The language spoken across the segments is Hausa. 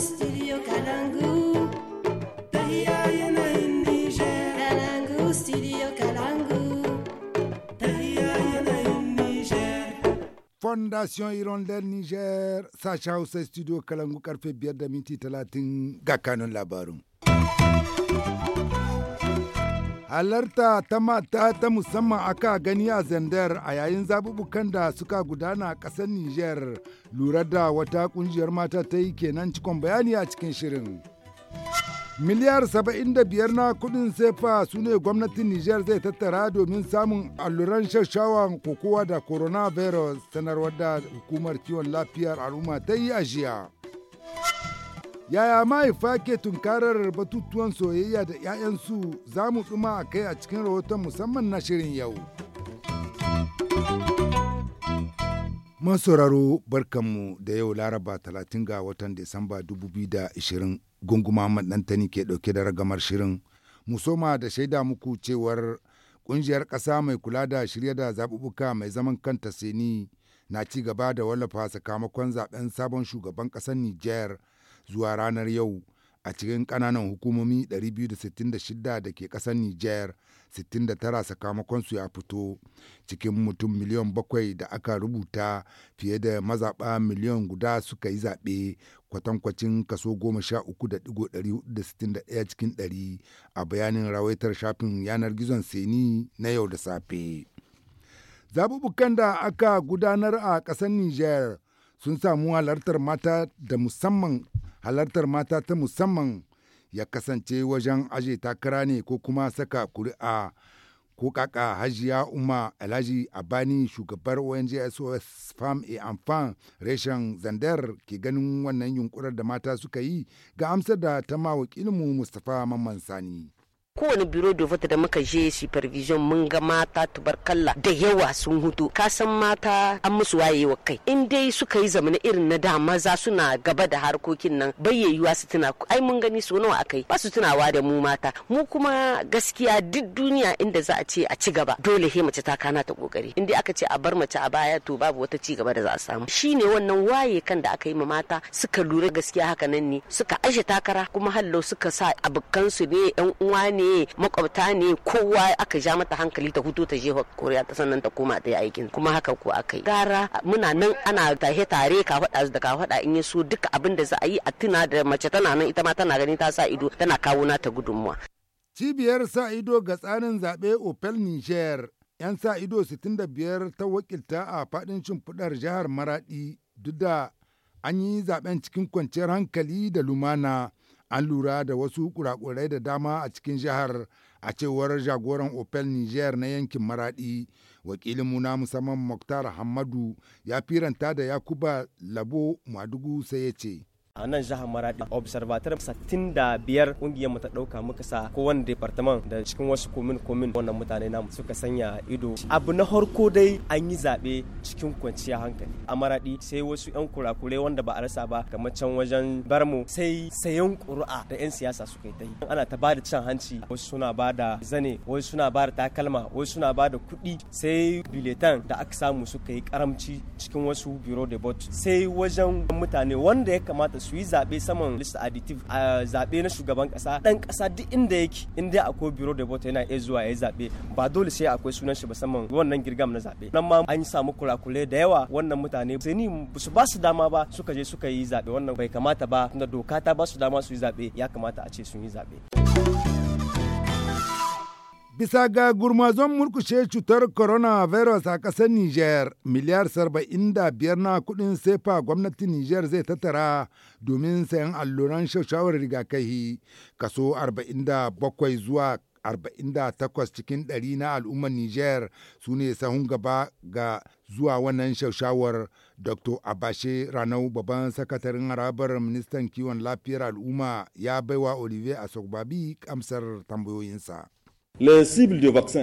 studio Kalangu. Tahiya yanayin niger Kalangu studio Kalangu. Tahiya yanayin niger. Fondation Hirondelle Nijar, Sasha Hausa studio Kalangu karfe biyar da minti talatin ga kanun halarta ta mata ta musamman aka gani a zandar a yayin zabubukan da suka gudana a ƙasar Nijar lura da wata ƙungiyar mata ta yi kenan cikon bayani a cikin shirin. Miliyar 75 na kudin sefa su ne gwamnatin Nijar zai tattara domin samun alluran shashawan kokowa da coronavirus sanarwar da hukumar kiwon lafiyar al'umma ta yi a jiya. Yaya mahaifa ke tunkarar batutuwan soyayya da 'ya'yansu za mu tsuma a kai a cikin rahoton musamman na shirin yau. Masauraro barkanmu da yau Laraba 30 ga watan Disamba 2020 gunguma maɗantani ke ɗauke da ragamar shirin. Musoma da shaida muku cewar ƙungiyar ƙasa mai kula da shirya da zaɓuɓɓuka mai zaman kanta Seni na ci gaba da wallafa sakamakon zaɓen sabon shugaban ƙasar Nijar zuwa ranar yau a cikin ƙananan hukumomi 266 da ke ƙasar Nijar 69 sakamakon su ya fito cikin mutum miliyan bakwai da aka rubuta fiye da mazaɓa miliyan guda suka yi zaɓe kwatankwacin kaso 13.461 cikin 100 a bayanin rawaitar shafin yanar gizon seni na yau da safe. Zaɓuɓɓukan da aka gudanar a ƙasar Nijar sun samu halartar mata da musamman halartar mata ta musamman ya kasance wajen aje takara ne ko kuma saka kuri'a ko kaka hajiya umma alhaji abani shugabar ong sos farm a amfan reshen zandar ke ganin wannan yunkurar da mata suka yi ga amsar da ta ma mustafa mustafa mamman sani kowane biro da fata da muka je supervision mun ga mata tubarkalla da yawa sun hutu kasan mata an musu waye wa kai in dai suka yi zamana irin na da maza suna gaba da harkokin nan bayyayyuwa su tuna ai mun gani su nawa akai ba su tunawa da mu mata mu kuma gaskiya duk duniya inda za a ce a ci gaba dole he mace ta kana ta kokari in dai aka ce a bar mace a baya to babu wata ci gaba da za a samu shine wannan waye kan da aka yi ma mata suka lura gaskiya haka nan ne suka aje takara kuma hallo suka sa abokansu ne yan uwa ne makwabta ne kowa aka ja mata hankali ta hutu ta je koriya ta sannan ta koma ta yi aikin kuma haka ko aka yi gara muna nan ana tahe tare ka faɗa da ka faɗa in ya so duka abin da za a yi a tuna da mace tana nan ita ma tana gani ta sa ido tana kawo ta gudunmuwa. cibiyar sa ido ga tsarin zaɓe opel niger 'yan sa ido 65 ta wakilta a faɗin shimfiɗar jihar maradi duk da an yi zaben cikin kwanciyar hankali da lumana An lura da wasu kurakurai da dama a cikin jihar a cewar jagoran Opel Niger na yankin Maradi. wakilin na musamman Muktar Hamadu ya firanta da Yakuba Labo Madugu sai ya ce. a nan jihar maradi da biyar. kungiyar mu ta dauka muka sa wani departament da cikin wasu komin komin wannan mutane namu suka sanya ido abu na harko dai an yi zaɓe cikin kwanciya hankali a maradi sai wasu yan kurakure wanda ba a rasa ba kamar can wajen barmu sai sayan ƙuri'a da yan siyasa suka yi ta yi ana ta bada cin hanci wasu suna bada zane wasu suna bada takalma wasu suna bada kuɗi sai biletan da aka samu suka yi karamci cikin wasu biro de vote sai wajen mutane wanda ya kamata su yi zaɓe saman list additive a zaɓe na shugaban ƙasa ɗan ƙasa duk inda yake in akwai biro da vote yana iya zuwa ya yi zaɓe ba dole sai akwai sunan shi ba saman wannan girgam na zaɓe nan ma an samu kurakure da yawa wannan mutane sai ni su ba su dama ba suka je suka yi zaɓe wannan bai kamata ba tunda doka ta ba su dama su yi zaɓe ya kamata a ce sun yi zaɓe. Bisa ga gurmazon murkushe cutar coronavirus a ƙasar Nijar, miliyar saba'in da biyar na kuɗin sefa gwamnatin Nijar zai tattara domin sayan alluran shawarar rigakahi kaso 47 zuwa 48 cikin ɗari na al'ummar Nijar su ne sahun gaba ga zuwa wannan shaushawar Dr. Abashe Ranau babban sakataren harabar ministan kiwon lafiyar al'umma ya baiwa Olivier Asogbabi amsar tambayoyinsa.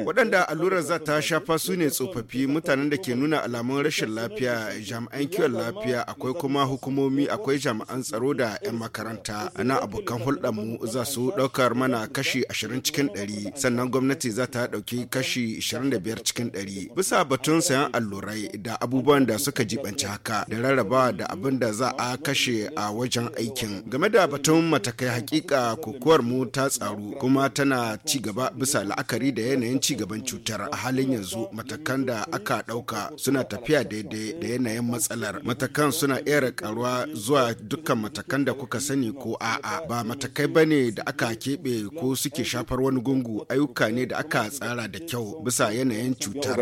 Waɗanda allurar za ta shafa su ne tsofaffi mutanen da ke nuna alamun rashin lafiya jami'an kiwon lafiya akwai kuma hukumomi akwai jami'an tsaro da 'yan makaranta ana abokan hulɗarmu za su ɗaukar mana kashi 20 cikin 100 sannan gwamnati za ta ɗauki kashi 25 cikin 100 bisa batun sayan allurai da abubuwan da suka jibanci haka da rarraba da abin da za a kashe a wajen aikin game da batun matakai hakika kokowar mu ta tsaru kuma tana ci gaba bisa bisa la'akari da yanayin ci gaban cutar a halin yanzu matakan da aka ɗauka suna tafiya daidai da yanayin matsalar matakan suna iya karuwa zuwa dukkan matakan da kuka sani ko a'a ba matakai ba ne da aka keɓe ko suke shafar wani gungu ayyuka ne da aka tsara da kyau bisa yanayin cutar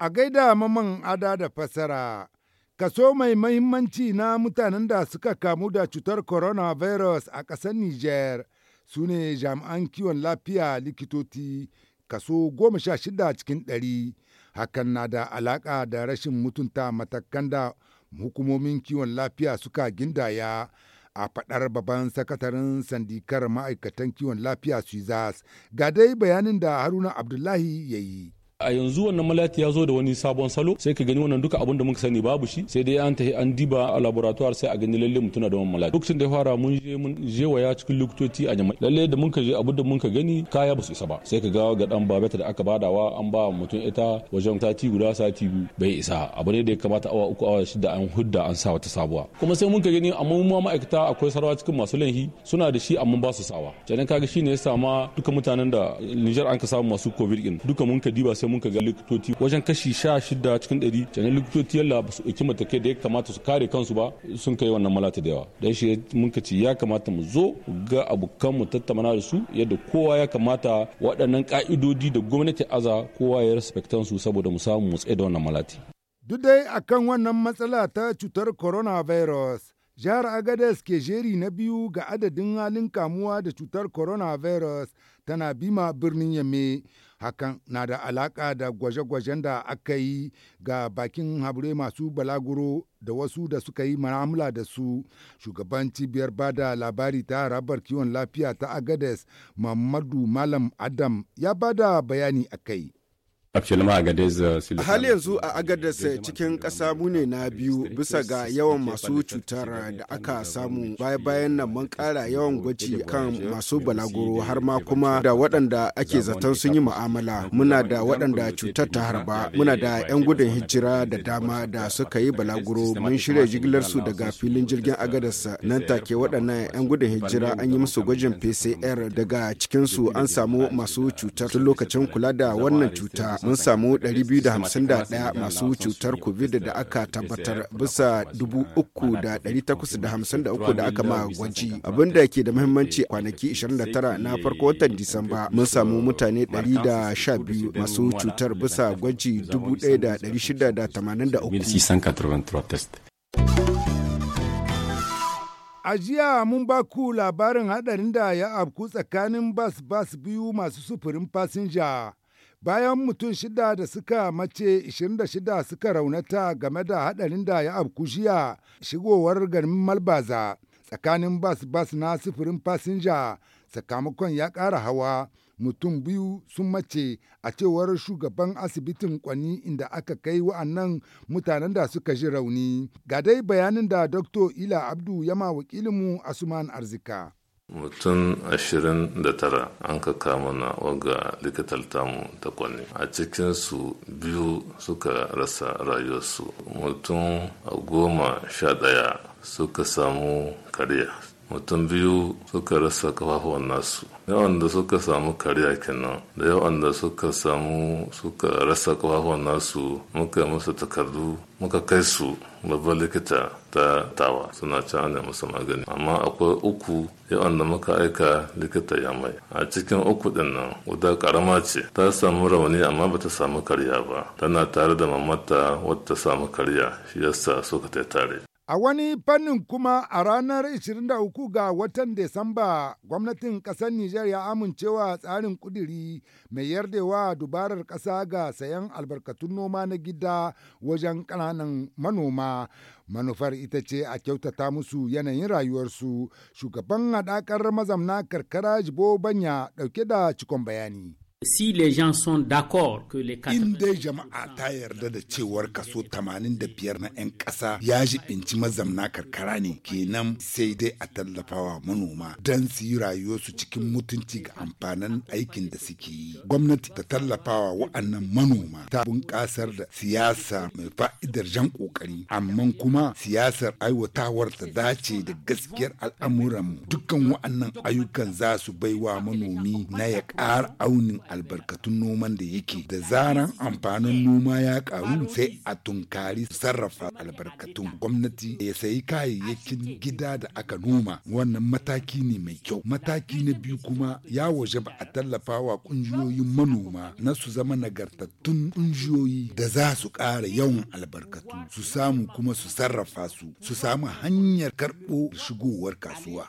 a gaida maman ada da fasara kaso mai mahimmanci na mutanen da suka kamu da cutar coronavirus a ƙasar niger su ne jami'an kiwon lafiya likitoci kaso goma sha shida cikin ɗari hakan na da alaƙa da rashin mutunta matakan da hukumomin kiwon lafiya suka gindaya a faɗar babban sakataren sandikar ma'aikatan kiwon lafiya suizas ga dai bayanin da haruna abdullahi ya yi a yanzu wannan malati ya zo da wani sabon salo sai ka gani wannan duka abin da muka sani babu shi sai dai an tafi an diba a laboratoire sai a gani lalle mutum da wannan malati lokacin da ya fara mun je mun je waya cikin likitoci a jama'a lalle da muka je abin da muka gani kaya ba su isa ba sai ka ga ga dan babeta da aka badawa an ba mutum ita wajen sati guda sati biyu bai isa abu ne da ya kamata awa uku awa shida an hudda an sa wata sabuwa kuma sai muka gani amma mu ma'aikata akwai sarwa cikin masu laihi suna da shi amma ba su sawa kenan kaga shine ya sama duka mutanen da Niger an ka samu masu covid din duka mun ka diba sai mun ga likitoci wajen kashi sha shida cikin ɗari canin likitoci yalla ba su ɗauki matakai da ya kamata su kare kansu ba sun kai wannan malata da yawa da shi mun ka ce ya kamata mu zo ga abokan mu tattamana da su yadda kowa ya kamata waɗannan ka'idodi da gwamnati aza kowa ya respectan su saboda mu samu mu tsaye da wannan malati. Duk dai akan wannan matsala ta cutar coronavirus jihar agadez ke jeri na biyu ga adadin halin kamuwa da cutar coronavirus tana bima birnin yamme hakan na da alaka da gwaje-gwajen da aka yi ga bakin habure masu balaguro da wasu da suka yi ma'amala da su shugaban cibiyar bada labari ta harabar kiwon lafiya ta agades mamadu malam adam ya bada bayani a kai Uh, hal yanzu a agadas uh, cikin ƙasa mu na biyu bisa ga yawan masu cutar uh, da aka samu baya bayan nan mun ƙara yawan gwaji kan masu balaguro har ma kuma da waɗanda ake zaton sun yi mu'amala muna da waɗanda cutar ta harba muna da 'yan gudun hijira da dama da suka yi balaguro mun shirya jigilar su daga filin jirgin agadas nan take waɗannan 'yan gudun hijira an yi musu gwajin pcr daga cikinsu an samu masu cutar tun lokacin kula da wannan cuta mun samu 251 masu cutar COVID da aka tabbatar bisa 3,853 da aka ma gwaji. Abin da ke da muhimmanci kwanaki 29 na farko watan Disamba mun samu mutane 112 masu cutar bisa gwaji 1,683. A jiya mun ba ku labarin hadarin da ya afku tsakanin bas-bas biyu masu sufurin fasinja Bayan mutum shida da suka mace 26 suka raunata game da haɗarin da ya afku jiya shigowar garin Malbaza tsakanin bas-bas na sufurin fasinja sakamakon ya ƙara hawa mutum biyu sun mace a cewar shugaban asibitin kwani inda aka kai wa'annan mutanen da suka ji rauni ga dai bayanin da dr ila abdu yama wakilinmu asuman arzika mutum 29 an ka kama na waga likitar tamu ta kwanne a cikinsu biyu suka rasa rayuwarsu mutum goma sha ɗaya suka samu karya mutum biyu suka rasa kafafuwan nasu yawan da suka samu kariya kenan da yawan da suka samu suka rasa kafafuwan nasu muka musu takardu muka kai su babban likita ta tawa suna can ana musu magani amma akwai uku yawan da muka aika likita ya mai a cikin uku din nan guda karama ce ta samu rauni amma bata samu karya ba tana tare da mamata wata samu karya shi yasa suka tare A wani fannin kuma a ranar 23 ga watan Desamba, gwamnatin ƙasar Nijar ya amincewa tsarin ƙudiri mai yardewa dubarar ƙasa ga sayan albarkatun noma na gida wajen ƙananan manoma. Manufar ita ce a kyautata musu yanayin rayuwarsu. Shugaban haɗakar mazamna karkara Jibo Banya ɗauke da cikon bayani. Si les gens sont d'accord que les In dai jama'a ta yarda da cewar kaso 85 na 'yan ƙasa ya ji jibinci mazamna karkara ne kenan sai dai a tallafawa manoma don su yi rayuwarsu cikin mutunci ga amfanin aikin da suke yi. Gwamnati ta tallafawa wa'annan manoma ta bunƙasar da siyasa mai fa'idar jan ƙoƙari amma kuma siyasar aiwatawar ta dace da gaskiyar al'amuranmu dukkan wa'annan ayyukan za su baiwa manomi na ya ƙara aunin albarkatun noman da yake da zaran amfanin noma ya karu sai a tunkari sarrafa albarkatun gwamnati ya sayi kayayyakin gida da aka noma wannan mataki ne mai kyau mataki na biyu kuma ya waje ba a tallafa wa kungiyoyin manoma na su zama nagartattun kungiyoyi da za su kara yawan albarkatu su samu kuma su sarrafa su su samu hanyar karɓo shigowar kasuwa.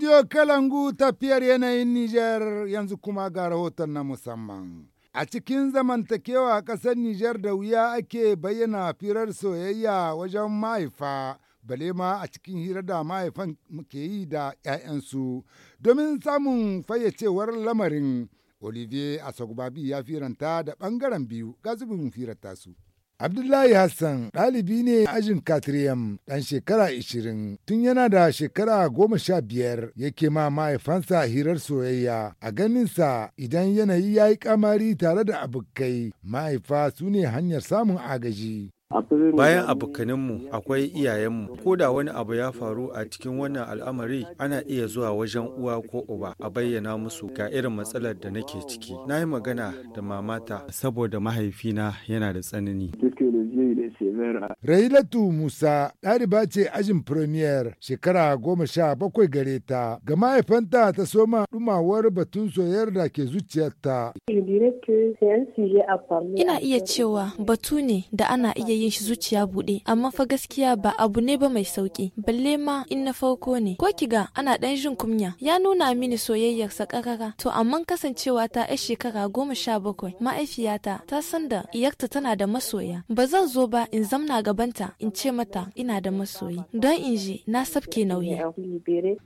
Studio Kalangu tafiyar yanayin Nijar yanzu kuma ga rahoton na musamman. A cikin zamantakewa a ƙasar Nijar da wuya ake bayyana firar soyayya wajen mahaifa, bale ma a cikin hira da mahaifan ke yi da 'ya'yansu. Domin samun fayyacewar lamarin, Olivier Asogbabi ya firanta da ɓangaren biyu, ga zubin firar tasu. Abdullahi Hassan ɗalibi ne ajin Katriyam ɗan shekara 20 tun yana da shekara goma sha biyar yake ma mahaifansa hirar soyayya a ganinsa idan yanayi ya yi kamari tare da abokai mahaifa su ne hanyar samun agaji. Bayan abokanenmu akwai iyayenmu, ko da wani abu ya faru a cikin wannan al'amari ana iya zuwa wajen uwa ko uba a bayyana musu ga irin matsalar da nake ciki. Na yi magana da mamata saboda mahaifina yana da tsanani. Rahilatu Musa ɗaliba ce ajin Premier shekara goma sha bakwai gare ta. Ga mahaifanta ta soma ɗumawar batun soyayyar da ke zuciyarta. Ina iya cewa batu ne da ana iya yin shi zuciya buɗe, amma fa gaskiya ba abu ne ba mai sauki balle ma in na farko ne. Ko ki ga ana ɗan jin kunya, ya nuna mini soyayyarsa karara To amma kasancewa ta ai shekara goma sha bakwai, ma'aifiyata ta san da iyarta tana da masoya. Ba zan zo ba in zamna gabanta in ce mata ina da masoyi don in ji na sabke nauyi.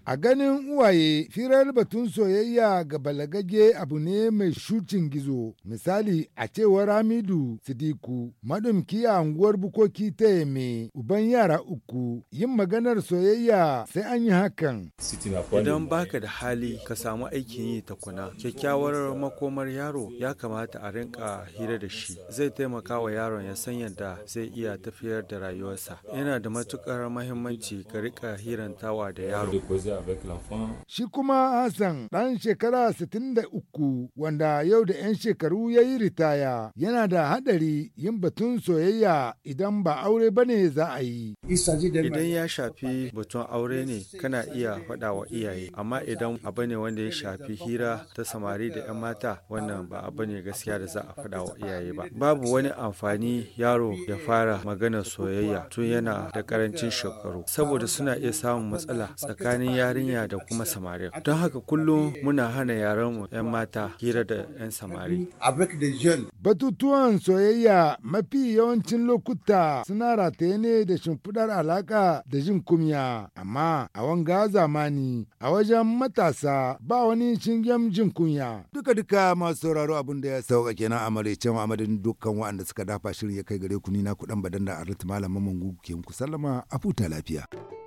A ganin uwaye firar batun soyayya ga balagage abu ne mai shucin gizo misali a cewa ramidu Sidiku madumki a unguwar bukoki ta yame uban yara uku yin maganar soyayya sai an yi hakan. Idan baka da hali ka samu aikin yi ta takuna kyakkyawar makomar yaro ya kamata a rinka hira da shi zai taimaka wa yaron ya san yadda zai iya tafiyar da rayuwarsa yana da matukar mahimmanci ka rika hirantawa da yaro shi kuma hassan dan shekara 63 wanda yau da 'yan shekaru ya yi ritaya yana da haɗari yin batun soyayya idan ba aure ba ne za a yi idan ya shafi batun aure ne kana iya faɗa wa iyaye amma idan abu ne wanda ya shafi hira ta samari da 'yan mata wannan ba abu ne gaskiya da za a faɗa wa iyaye ba babu wani amfani yaro ya fara maganar soyayya tun yana da karancin shekaru saboda suna iya samun matsala tsakanin yarinya da kuma samari don haka kullum muna hana mu 'yan mata hira da 'yan samari batutuwan soyayya mafi yawancin lokuta suna rataye ne da shimfiɗar alaka da jin kumya amma a wanga zamani a wajen matasa ba wani shingen jin kunya duka-duka masu sauraro abin da ya sauka kenan a maraicen amadin dukkan waɗanda suka dafa shirin ya kai gare ku ni na kuɗin badan da arlit malam mamman gugu ke muku sallama a futa lafiya.